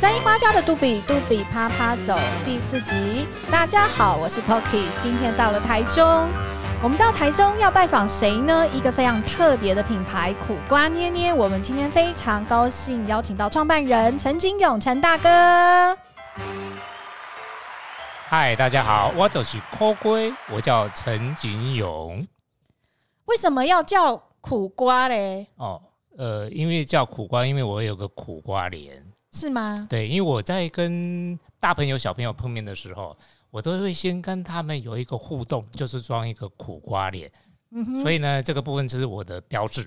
三一八家的杜比，杜比趴趴走第四集。大家好，我是 Poki，今天到了台中。我們到台中要拜訪誰呢？一個非常特別的品牌——苦瓜捏捏。我們今天非常高興邀請到創辦人陳錦永，陳大哥。嗨，大家好，我就是苦瓜，我叫陳錦永。為什麼要叫苦瓜嘞？哦，呃，因為叫苦瓜，因為我有個苦瓜臉。是嗎？對，因為我在跟大朋友、小朋友碰面的時候，我都會先跟他們有一個互動，就是裝一個苦瓜臉。嗯哼，所以呢，這個部分就是我的標誌。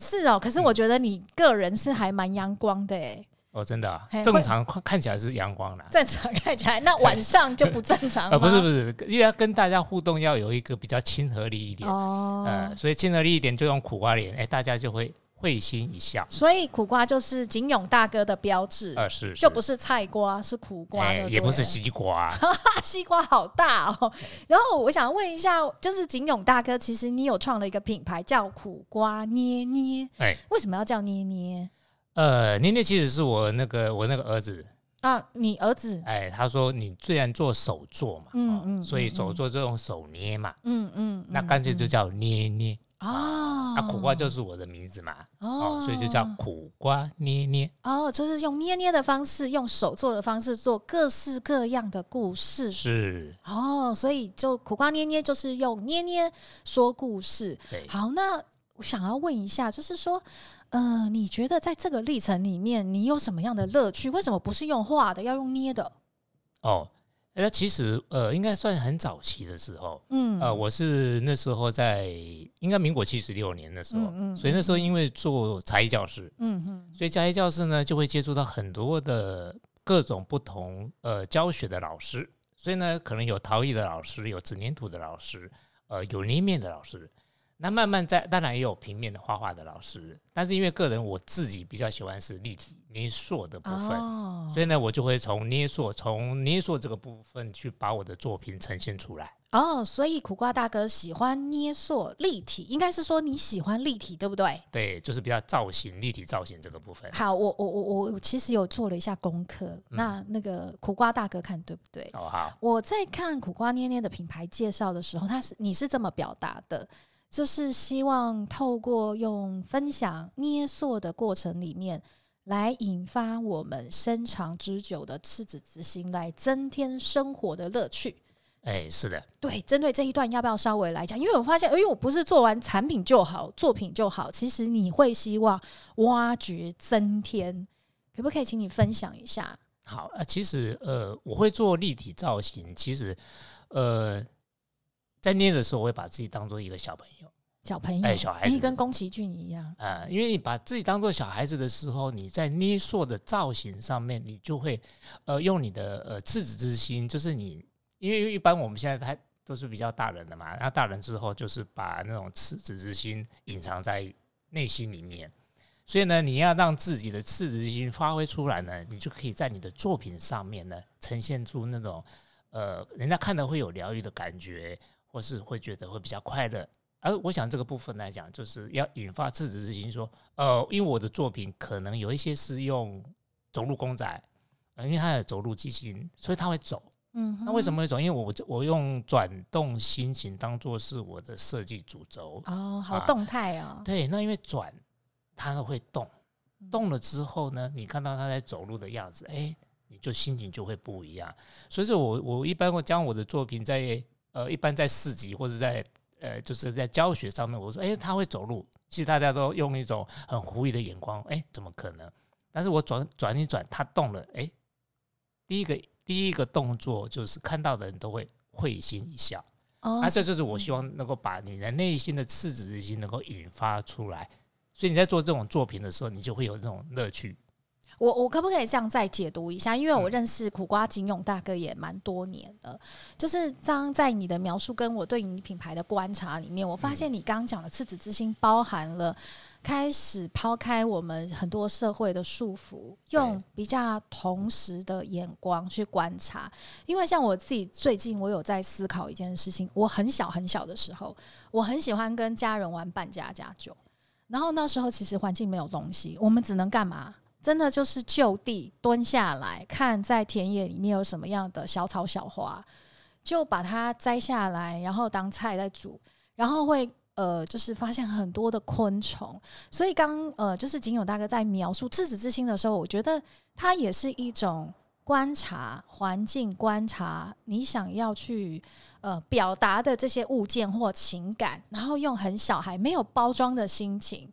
是哦，可是我覺得你個人是還蠻陽光的誒、嗯，哦，真的啊，正常看起來是陽光的。正常看起來，那晚上就不正常啊、 呃？不是不是，因為要跟大家互動要有一個比較親和力一點。哦。嗯、呃，所以親和力一點就用苦瓜臉，哎，大家就會。會心一笑，所以苦瓜就是錦永大哥的標誌。呃、是，是，就不是菜瓜，是苦瓜，欸、也不是西瓜。 西瓜好大哦。然後我想問一下，就是錦永大哥，其實你有創了一個品牌叫苦瓜捏捏。哎、欸，為什麼要叫捏捏？呃，捏捏其實是我那個我那個兒子。啊，你兒子？哎，他說你雖然做手作嘛，嗯嗯，嗯、哦，所以手作就用手捏嘛，嗯嗯，嗯，那乾脆就叫捏捏、嗯、啊。那、哦啊、苦瓜就是我的名字嘛哦，哦，所以就叫苦瓜捏捏。哦，就是用捏捏的方式，用手作的方式做各式各樣的故事。是哦，所以就苦瓜捏捏就是用捏捏說故事。對好，那我想要問一下，就是說，呃，你覺得在這個歷程裡面，你有什麼樣的樂趣？為什麼不是用畫的，要用捏的？哦，那、欸、其實呃，應該算很早期的時候，嗯，啊、呃，我是那時候在應該民國七十六年的時候，嗯，嗯，嗯，所以那時候因為做才藝教師，嗯，嗯，所以才藝教師呢就會接觸到很多的各種不同呃教學的老師，所以呢，可能有陶藝的老師，有紙黏土的老師，呃，有捏麵的老師。那慢慢在當然也有平面的畫畫的老師，但是因為個人我自己比較喜歡是立體捏塑的部分，哦、所以呢，我就會從捏塑、從捏塑這個部分去把我的作品呈現出來。哦，所以苦瓜大哥喜歡捏塑立體，應該是說你喜歡立體，對不對？對，就是比較造型立體造型這個部分。好，我我我我其實有做了一下功課、嗯，那那個苦瓜大哥看對不對、哦？好，我在看苦瓜捏捏的品牌介紹的時候，他是你是這麼表達的？就是希望透過用分享捏塑的過程裡面，來引發我們深長之久的赤子之心，來增添生活的樂趣、欸。哎，是的，對。針對這一段，要不要稍微來講？因為我發現、呃，因為我不是做完產品就好，作品就好，其實你會希望挖掘增添，可不可以請你分享一下？好，呃、啊，其實呃，我會做立體造型，其實呃。在捏的時候，我會把自己當做一個小朋友，小朋友，哎，小孩子，跟你跟宮崎駿一樣，呃、啊，因為你把自己當做小孩子的時候，你在捏塑的造型上面，你就會，呃，用你的呃赤子之心，就是你，因為一般我們現在還都是比較大人的嘛，然後大人之後就是把那種赤子之心隱藏在內心裡面，所以呢，你要讓自己的赤子之心發揮出來呢，你就可以在你的作品上面呢，呈現出那種呃，人家看的會有療癒的感覺。或是會覺得會比較快樂，而我想這個部分來講，就是要引發赤子之心，說，呃，因為我的作品可能有一些是用走路公仔，呃，因為它有走路機芯，所以它會走，嗯哼，那為什麼會走？因為我我用轉動心情當做是我的設計主軸，哦，好動態哦、啊，對，那因為轉，它會動，動了之後呢，你看到它在走路的樣子，哎、欸，你就心情就會不一樣，所以說我我一般會將我的作品在。呃，一般在市集或者在呃，就是在教學上面，我說，哎、欸，他會走路，其實大家都用一種很狐疑的眼光，哎、欸，怎麼可能？但是我轉轉一轉，他動了，哎、欸，第一個第一個動作就是看到的人都會會心一笑，oh, 啊，這就是我希望能夠把你的內心的赤子之心能夠引發出來，所以你在做這種作品的時候，你就會有這種樂趣。我我可不可以這樣再解讀一下？因為我認識苦瓜錦永大哥也蠻多年了，嗯、就是剛在你的描述跟我對你品牌的觀察裡面，我發現你剛剛講的赤子之心包含了開始拋開我們很多社會的束縛，用比較同時的眼光去觀察，嗯。因為像我自己最近我有在思考一件事情，我很小很小的時候，我很喜歡跟家人玩扮家家酒，然後那時候其實環境沒有東西，我們只能幹嘛？真的就是就地蹲下來看，在田野裡面有什麼樣的小草小花，就把它摘下來，然後當菜在煮，然後會呃，就是發現很多的昆蟲。所以剛呃，就是錦永大哥在描述赤子之心的時候，我覺得他也是一種觀察環境，觀察你想要去呃表達的這些物件或情感，然後用很小孩沒有包裝的心情。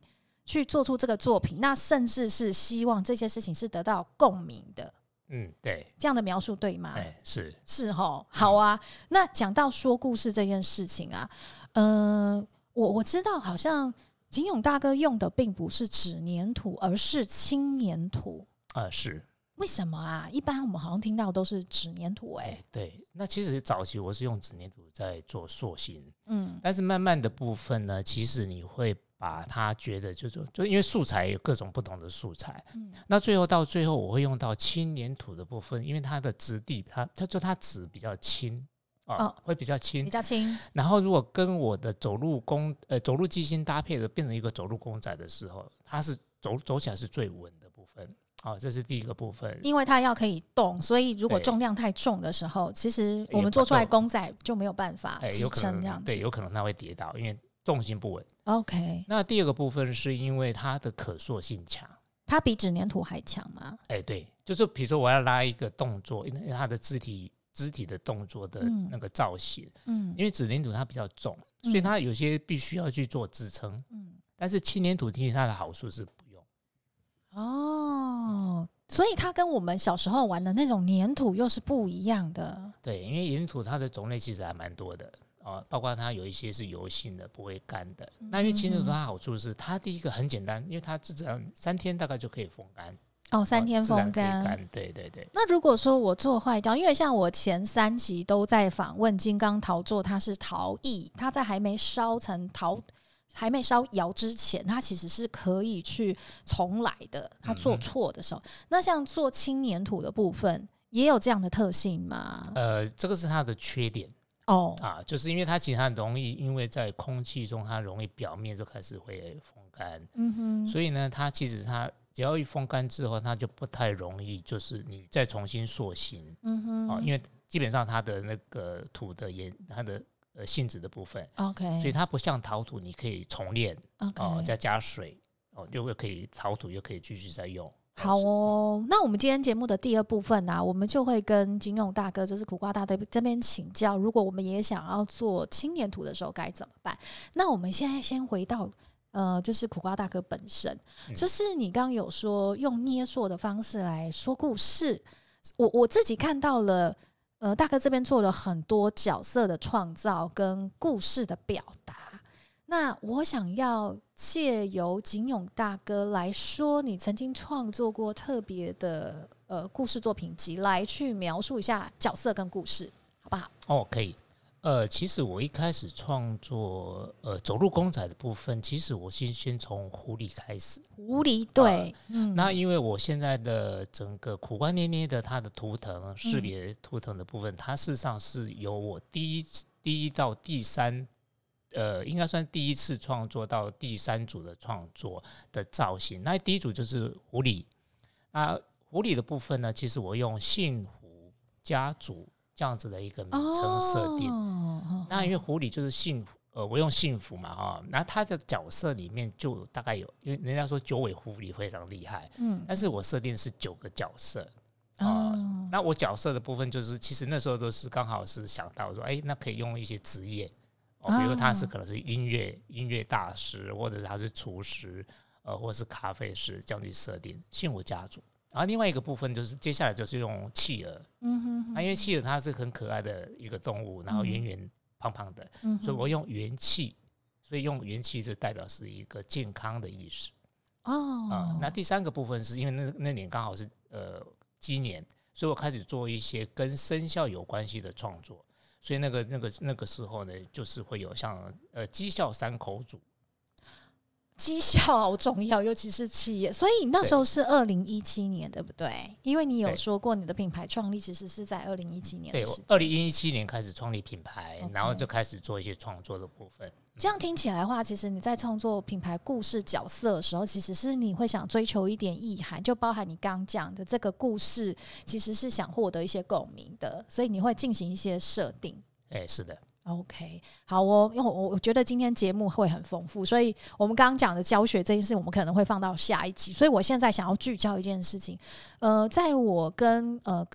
去做出這個作品，那甚至是希望這些事情是得到共鳴的。嗯，對，這樣的描述對嗎？對、欸，是是哈，好啊、嗯。那講到說故事這件事情啊，嗯、呃，我我知道，好像錦永大哥用的並不是紙粘土，而是輕粘土啊、呃。是為什麼啊？一般我們好像聽到都是紙粘土、欸。哎、欸，對。那其實早期我是用紙粘土在做塑形，嗯，但是慢慢的部分呢，其實你會。把它覺得就是，就因為素材有各種不同的素材，嗯、那最後到最後我會用到輕粘土的部分，因為它的質地，它它就它質比較輕啊、哦哦，會比較輕，比較輕。然後如果跟我的走路公呃走路機芯搭配的，變成一個走路公仔的時候，它是走走起來是最穩的部分好、哦，這是第一個部分。因為它要可以動，所以如果重量太重的時候，其實我們做出來公仔就沒有辦法支撐這樣子、欸，對，有可能它會跌倒，因為。重心不穩。OK，那第二個部分是因為它的可塑性強，它比紙粘土還強嗎？哎、欸，對，就是比如說我要拉一個動作，因為它的肢體肢體的動作的那個造型，嗯，因為紙粘土它比較重，所以它有些必須要去做支撐，嗯，但是輕粘土其實它的好處是不用。哦，所以它跟我們小時候玩的那種粘土又是不一樣的。對，因為粘土它的種類其實還蠻多的。哦，包括它有一些是油性的，不會乾的、嗯。那因為輕粘土它好處是，它第一個很簡單，因為它至少三天大概就可以風乾。哦，三天風乾、嗯，對對對。那如果說我做壞掉，因為像我前三集都在訪問金剛陶作，它是陶藝，它在還沒燒成陶、還沒燒窯之前，它其實是可以去重來的。它做錯的時候，嗯、那像做輕粘土的部分、嗯、也有這樣的特性嗎？呃，這個是它的缺點。哦、oh.，啊，就是因為它其實它容易，因為在空氣中它容易表面就開始會風乾，嗯哼，所以呢，它其實它只要一風乾之後，它就不太容易，就是你再重新塑形，嗯、mm、哼 -hmm. 啊，因為基本上它的那個土的它的呃性質的部分，OK，所以它不像陶土，你可以重練、okay. 哦、再加水，哦，就會可以陶土又可以繼續再用。好哦，那我們今天節目的第二部分呢、啊，我們就會跟錦永大哥，就是苦瓜大哥這邊請教，如果我們也想要做輕黏土的時候該怎麼辦？那我們現在先回到，呃，就是苦瓜大哥本身，就是你剛有說用捏塑的方式來說故事，我我自己看到了，呃，大哥這邊做了很多角色的創造跟故事的表達。那我想要借由錦永大哥來說，你曾經創作過特別的呃故事作品集，來去描述一下角色跟故事，好不好？哦，可以。呃，其實我一開始創作呃走路公仔的部分，其實我先先從狐狸開始。狐狸對、呃嗯，那因為我現在的整個苦瓜捏捏的它的圖騰識別圖騰的部分，嗯，它事實上是由我第一第一到第三。呃，應該算第一次創作到第三組的創作的造型。那第一組就是狐狸，那狐狸的部分呢，其實我用“幸狐家族”這樣子的一個名稱設定、哦。那因為狐狸就是幸福，呃，我用幸福嘛啊。那、哦、它的角色裡面就大概有，因為人家說九尾狐狸非常厲害，嗯，但是我設定是九個角色啊、呃哦。那我角色的部分就是，其實那時候都是剛好是想到說，哎，那可以用一些職業。哦，比如他是可能是音樂、哦、音樂大師，或者是他是廚師，呃，或者是咖啡師，這樣去設定幸福家族。然後另外一個部分就是接下來就是用企鵝，嗯哼，哼、啊，因為企鵝它是很可愛的一個動物，然後圓圓胖胖的，嗯，所以我用元氣，所以用元氣就代表是一個健康的意思哦。啊，那第三個部分是因為那那年剛好是呃雞年，所以我開始做一些跟生肖有關係的創作。所以那個、那個、那個時候呢，就是會有像呃譏笑三口組。績效好重要，尤其是企業。所以那時候是二零一七年對，對不對？因為你有說過你的品牌創立其實是在二零一七年的時候。對，二零一七年開始創立品牌，okay，然後就開始做一些創作的部分，嗯。這樣聽起來的話，其實你在創作品牌故事角色的時候，其實是你會想追求一點意涵，就包含你剛講的這個故事，其實是想獲得一些共鳴的，所以你會進行一些設定。哎，是的。OK，好、哦，我因為我我覺得今天節目會很豐富，所以我們剛剛講的教學這件事，我們可能會放到下一集。所以我現在想要聚焦一件事情，呃，在我跟呃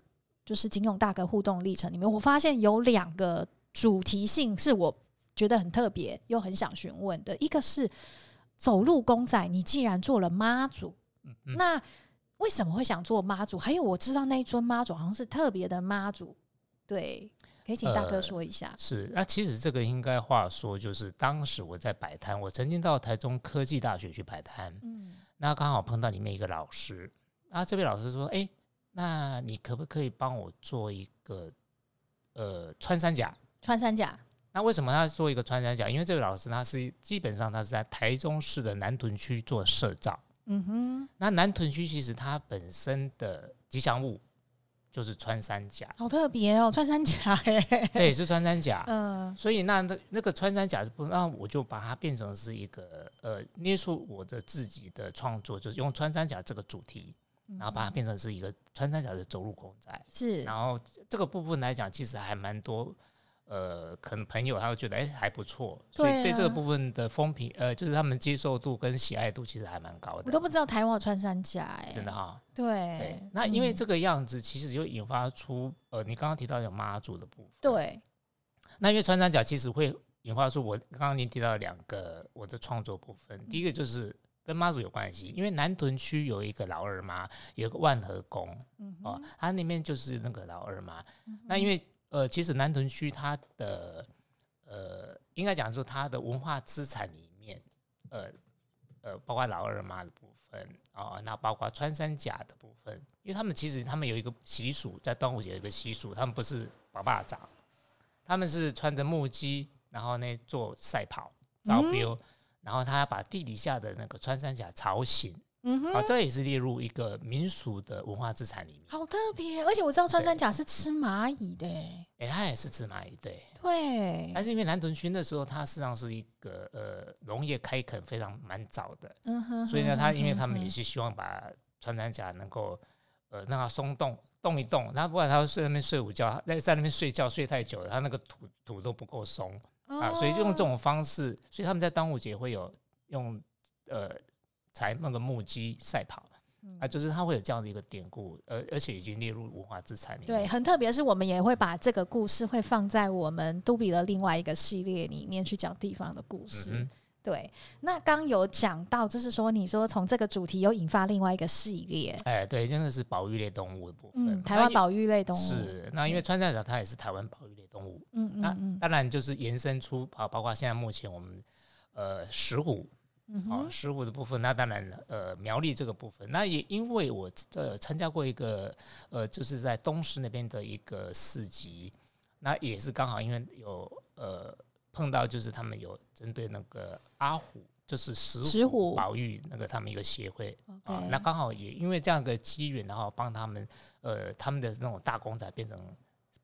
就是錦永大哥互動歷程裡面，我發現有兩個主題性是我覺得很特別又很想詢問的，一個是走路公仔，你既然做了媽祖，那為什麼會想做媽祖？還有我知道那一尊媽祖好像是特別的媽祖，對。可以請大哥說一下、呃。是，那其實這個應該話說，就是當時我在擺攤，我曾經到台中科技大學去擺攤，嗯，那剛好碰到裡面一個老師，那這位老師說，誒，那你可不可以幫我做一個，呃，穿山甲？穿山甲？那為什麼他做一個穿山甲？因為這位老師他是基本上他是在台中市的南屯區做社造。嗯哼，那南屯區其實它本身的吉祥物，就是穿山甲，好特別哦，穿山甲耶，對，是穿山甲，嗯、呃，所以那那那個穿山甲的部分，那我就把它變成是一個呃，捏出我的自己的創作，就是用穿山甲這個主題、嗯，然後把它變成是一個穿山甲的走路公仔，是，然後這個部分來講，其實還蠻多。呃，可能朋友他會覺得哎、欸、還不錯、啊，所以對這個部分的風評，呃，就是他們接受度跟喜愛度其實還蠻高的。我都不知道台灣有穿山甲哎、欸，真的哈、哦。對，那因為這個樣子其實就引發出、嗯、呃，你剛剛提到有媽祖的部分。對，那因為穿山甲其實會引發出我剛剛您提到兩個我的創作部分、嗯，第一個就是跟媽祖有關係，因為南屯區有一個老二媽，有個萬和宮、嗯、哦，它那邊就是那個老二媽、嗯，那因為。呃，其實南屯區它的呃，應該講說它的文化資產裡面，呃呃，包括老二媽的部分啊，那、哦、包括穿山甲的部分，因為他們其實他們有一個習俗，在端午節有一個習俗，他們不是爸螞蚱，他們是穿着木屐，然後呢做賽跑，然後、嗯、然後他把地底下的那個穿山甲吵醒。嗯、好，這也是列入一個民俗的文化資產裡面。好特別，而且我知道穿山甲是吃螞蟻的、欸。哎、欸，它也是吃螞蟻，對。對。但是因為南屯區那時候它實際上是一個呃農業開墾非常蠻早的，嗯哼哼，所以呢，他因為他們也是希望把穿山甲能夠呃讓它鬆動動一動，那不管它會在那邊睡午覺，在在那邊睡覺睡太久了，它那個土土都不夠鬆、哦、啊，所以就用這種方式。所以他們在端午節會有用呃。才那個木屐賽跑、嗯，啊，就是它會有這樣的一個典故，而而且已經列入文化資產裡面。對，很特別是我們也會把這個故事會放在我們度比的另外一個系列裡面去講地方的故事。嗯、對，那剛有講到，就是說你說從這個主題又引發另外一個系列，哎，對，真的是保育類動物的部分，嗯、臺灣保育類動物是那因為穿山甲它也是臺灣保育類動物，嗯嗯，嗯，那當然就是延伸出啊，包括現在目前我們呃石虎。好、mm -hmm. 哦，石虎的部分，那當然，呃，苗栗這個部分，那也因為我呃參加過一個，呃，就是在東市那邊的一個市集，那也是剛好因為有呃碰到，就是他們有針對那個阿虎，就是石虎保育那個他們一個協會啊、哦，那剛好也因為這樣一個機緣，然後幫他們呃他們的那種大公仔變成。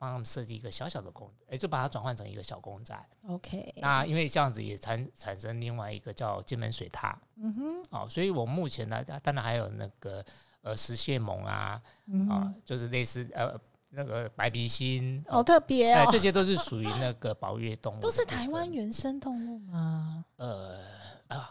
幫他們設計一個小小的公，哎、欸，就把它轉換成一個小公仔。OK，那因為這樣子也產產生另外一個叫金門水獺。嗯哼、哦，所以我目前呢，當然還有那個呃食蟹獴啊，啊、嗯呃，就是類似呃那個白鼻心好、哦呃、特別、哦呃，這些都是屬於那個保育類動物，都是台灣原生動物嗎？呃啊、呃，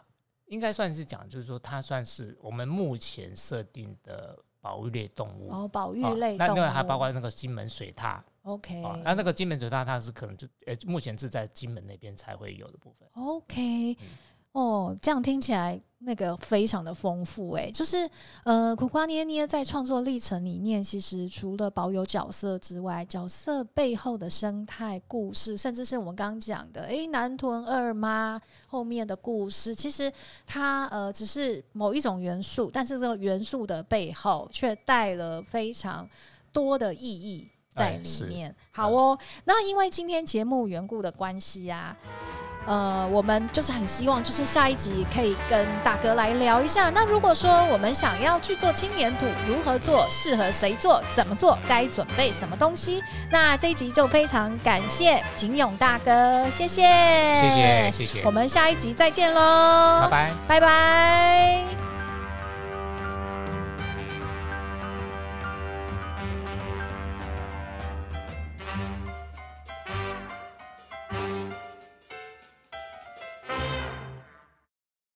應該算是講，就是說它算是我們目前設定的保育類動物。哦，保育類動物、哦，那另外還包括那個金門水獺。OK，那、啊、那個金門主大，它是可能就呃、欸，目前是在金門那邊才會有的部分。OK、嗯、哦，這樣聽起來那個非常的豐富誒、欸。就是呃，苦瓜捏捏在創作歷程裡面，其實除了保有角色之外，角色背後的生態故事，甚至是我們剛講的誒、欸，南屯二媽後面的故事，其實它呃只是某一種元素，但是這個元素的背後卻帶了非常多的意義。在裡面，好哦。那因為今天節目緣故的關係啊，呃，我們就是很希望，就是下一集可以跟大哥來聊一下。那如果說我們想要去做輕黏土，如何做？適合誰做？怎麼做？該準備什麼東西？那這一集就非常感謝錦永大哥，謝謝，謝謝，謝謝。我們下一集再見嘍，拜拜，拜拜。